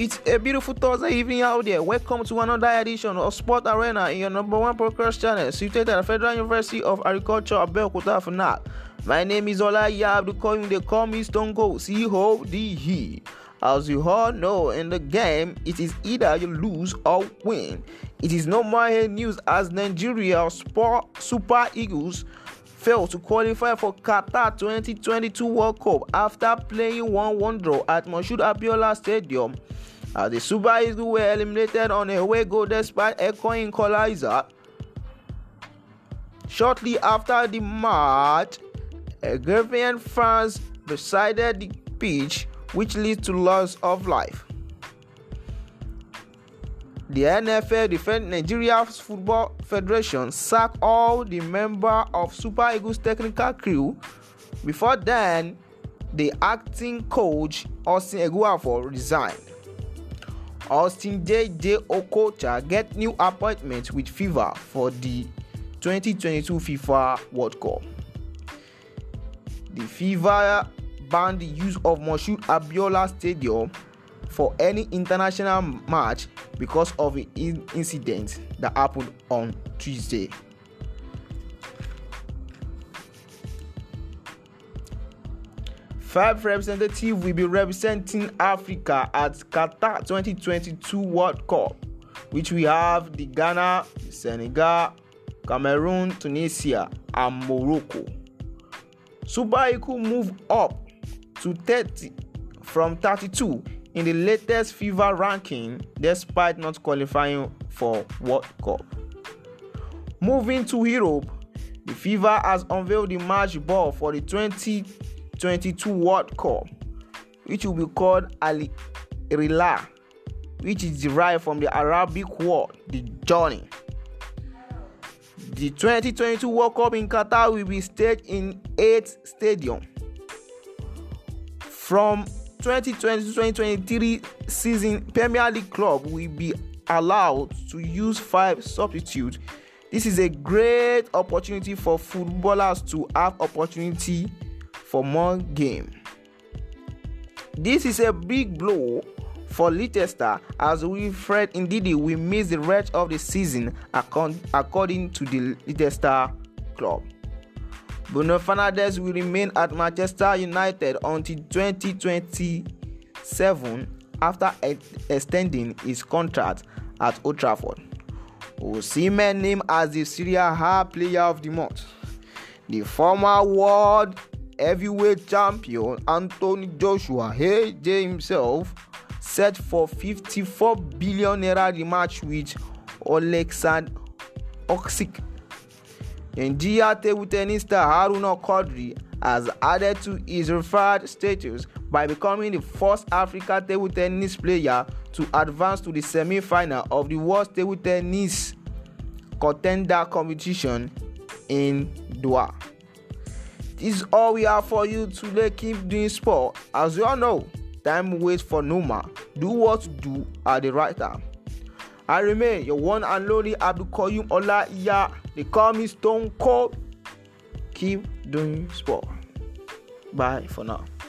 It's a beautiful Thursday evening out there. Welcome to another edition of Sport Arena in your number one podcast channel, situated at Federal University of Agriculture, Abeokuta, now, My name is Ola Yab, the coin they call me Stone Cold, he. As you all know, in the game, it is either you lose or win. It is no more news as Nigeria Super Eagles failed to qualify for Qatar 2022 World Cup after playing 1-1 draw at Moshood Abiola Stadium. As the Super Eagles were eliminated on a away goal despite a coin equalizer. Shortly after the match, a fans decided the pitch, which leads to loss of life. The NFL, defend Nigeria Football Federation, sack all the members of Super Eagles technical crew. Before then, the acting coach Austin Eguafo resigned. Austin J.J. Okocha get new appointment with FIFA for the 2022 FIFA World Cup. The FIFA banned the use of Moshood Abiola Stadium for any international match because of the incident that happened on Tuesday. Five representatives will be representing Africa at Qatar 2022 World Cup, which we have the Ghana, Senegal, Cameroon, Tunisia, and Morocco. Super move up to 30 from 32 in the latest FIFA ranking despite not qualifying for World Cup. Moving to Europe, the FIFA has unveiled the match ball for the 2022 World Cup, which will be called al Rila, which is derived from the Arabic word the journey. The 2022 World Cup in Qatar will be staged in eight stadiums from 2020-2023 season Premier League club will be allowed to use five substitutes. This is a great opportunity for footballers to have opportunity for more game. This is a big blow for Leicester as Wilfred Ndidi will miss the rest of the season according to the Leicester club. Bruno Fernandes will remain at Manchester United until 2027 after extending his contract at Old Trafford. Osimhen named as the Serie A Player of the Month. The former world heavyweight champion Anthony Joshua AJ himself set for 54 billion naira rematch with Oleksandr Oksik Nigerian table tennis star Haruna Quadri has added to his referred status by becoming the first African table tennis player to advance to the semi-final of the World Table Tennis Contender competition in Doha. This is all we have for you today. Keep doing sport. As you all know, time waits for no man. Do what to do at the right time. I remain your one and only Abdulkoyum Olaiya. They call me Stone Cold. Keep doing sport. Bye for now.